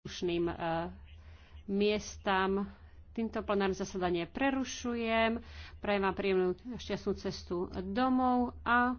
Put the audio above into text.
slušným e, miestam. Týmto plenárne zasadanie prerušujem. Prajem vám príjemnú šťastnú cestu domov a